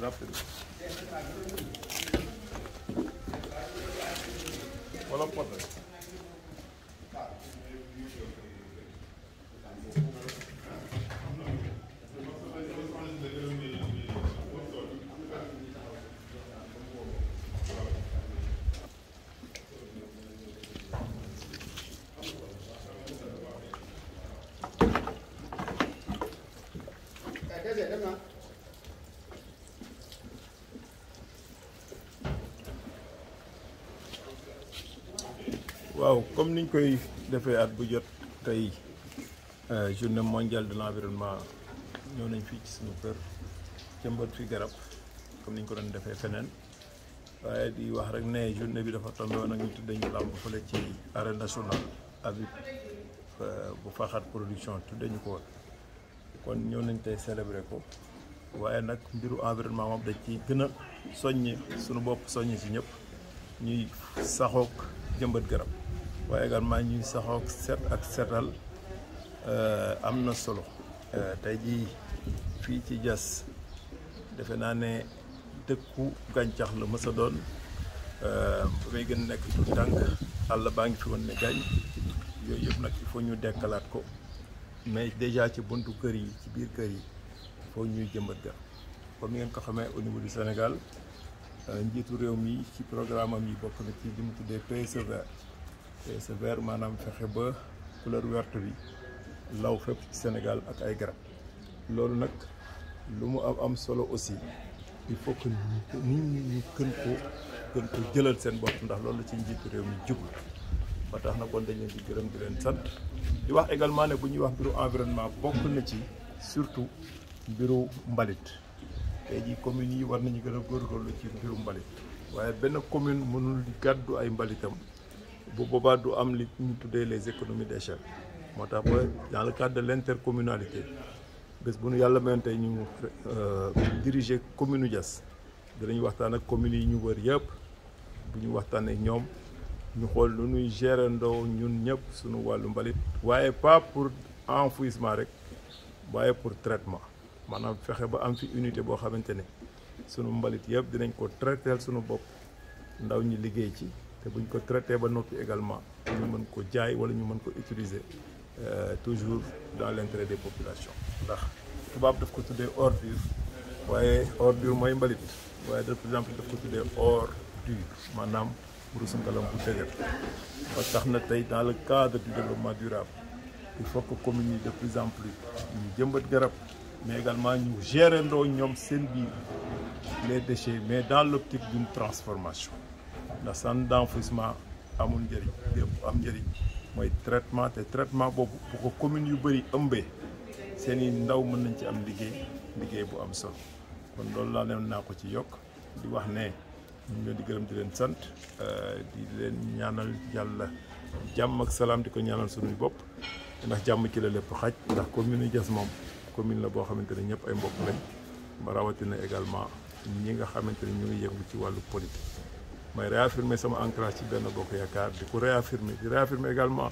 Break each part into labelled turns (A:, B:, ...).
A: Rápido. Kolom potem. waaw comme niñ koy defee at bu jot tey euh, journée mondiale de l'environnement ñëw nañ fii ci suñu kër jëmbët fi garab comme niñ ko doon defee feneen waaye di wax rek ne journée bi dafa tombé woon ak ñu tuddee ñu làmb fële ci arène nationale euh, bu faxaat production tuddee ñu ko woon kon ñëw nañ tey célébré ko waaye nag mbiru environnement moom dañ ci gën a soññi suñu bopp soññ si ñëpp ñuy saxook jëmbat garab waaye également ñuy saxoo set ak setal euh, am na solo euh, tey jii fii ci jas defe naa ne dëkku gàncax la mësa doon ba euh, may gën nekk tout tànk àll baa ngi fi woon ne gàñ yooyu yëpp nag il faut ñu dekkalaat ko mais déjà ci buntu kër yi ci biir kër yi foo ñuy jëmbat ga comme ni ngeen ko xamee au niveau du Sénégal njiitu réew mi ci programme am yi bokk na ci li mu tuddee PSE c'est vert maanaam fexe ba couleur verte bi law fépp Sénégal ak ay garab loolu nag lu mu am am solo aussi il faut que nit ñi ñu gën ko gën ko jëlal seen bopp ndax loolu ci njiitu réew mi jublu ba tax na ko dañ leen di gërëm di leen sant di wax également ne bu ñuy wax mbiru environnement bokk na ci surtout mbiru mbalit te jii communes yi war nañu gën a góorgóorlu ci mbiru mbalit waaye benn commune mënul gàddu ay mbalitam bu boobaa du am li ñu tuddee les économies d'échelle moo tax ba dans le cadre de l'intercommunalité bés bu nu yàlla mayoon tey ñu euh, diriger commune Diass dinañ waxtaan ak communes yi ñu wër yëpp bu ñu waxtaan ak ñoom ñu xool lu ñuy gérer ndoo ñun ñëpp suñu wàllu mbalit waaye pas pour enfouissement rek waaye pour traitement maanaam fexe ba am fi unité boo xamante ne sunu mbalit yëpp dinañ ko traiteel sunu bopp ndaw ñi liggéey ci te buñ ko traité ba noppi également ñu mën ko jaay wala ñu mën ko utiliser euh, toujours dans l'intérêt des populations ndax tubaab daf ko tuddee ordure waaye ordure mooy mbalit waaye par exemple daf ko tuddee ordure maanaam mburusu ngalam bu dëgër ba tax na tey dans le cadre du développement durable il faut que communes yi de plus en plus ñu jëmbat garab mais également ñu gérer ndoo ñoom seen biir les déchets mais dans l'optique d'une transformation ndax centre d'enfouissement amul njëriñ am njëriñ mooy traitement te traitement boobu bu ko commune yu bëri ëmbee seen i ndaw mën nañ ci am liggéey liggéey bu am solo kon loolu laa leen naa ko ci yokk di wax ne ñu leen di gërëm di leen sant euh, di leen ñaanal yàlla jàmm ak salaam di ko ñaanal suñuy bopp ndax jàmm ci la lépp xaj ndax commune yi Diass moom commune la boo xamante ne ñëpp ay mbokk lañ ba rawatina également ñi nga xamante ne ñu ngi yëngu ci wàllu politique. may réaffirmer sama ancrage ci benn bokk yaakaar di ko réaffirmer di réaffirmer également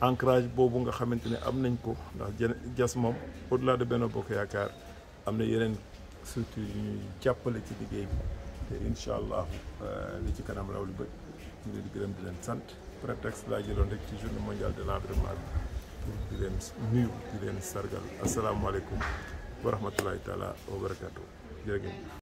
A: encrage boobu nga xamante ne am nañ ko ndax jas moom au delà de benn bokk yaakaar am na yeneen structure yu ñuy jàppale ci liggéey bi te incha allah euh, li ci kanam raw li bët ñu leen di gërëm di leen sant prétexte laa jëloon rek ci journée mondiale de l'environnement bi pour di leen nuyu di leen sargal asalaamaaleykum wa rahmatulahi taala wa barakatu jërëjëf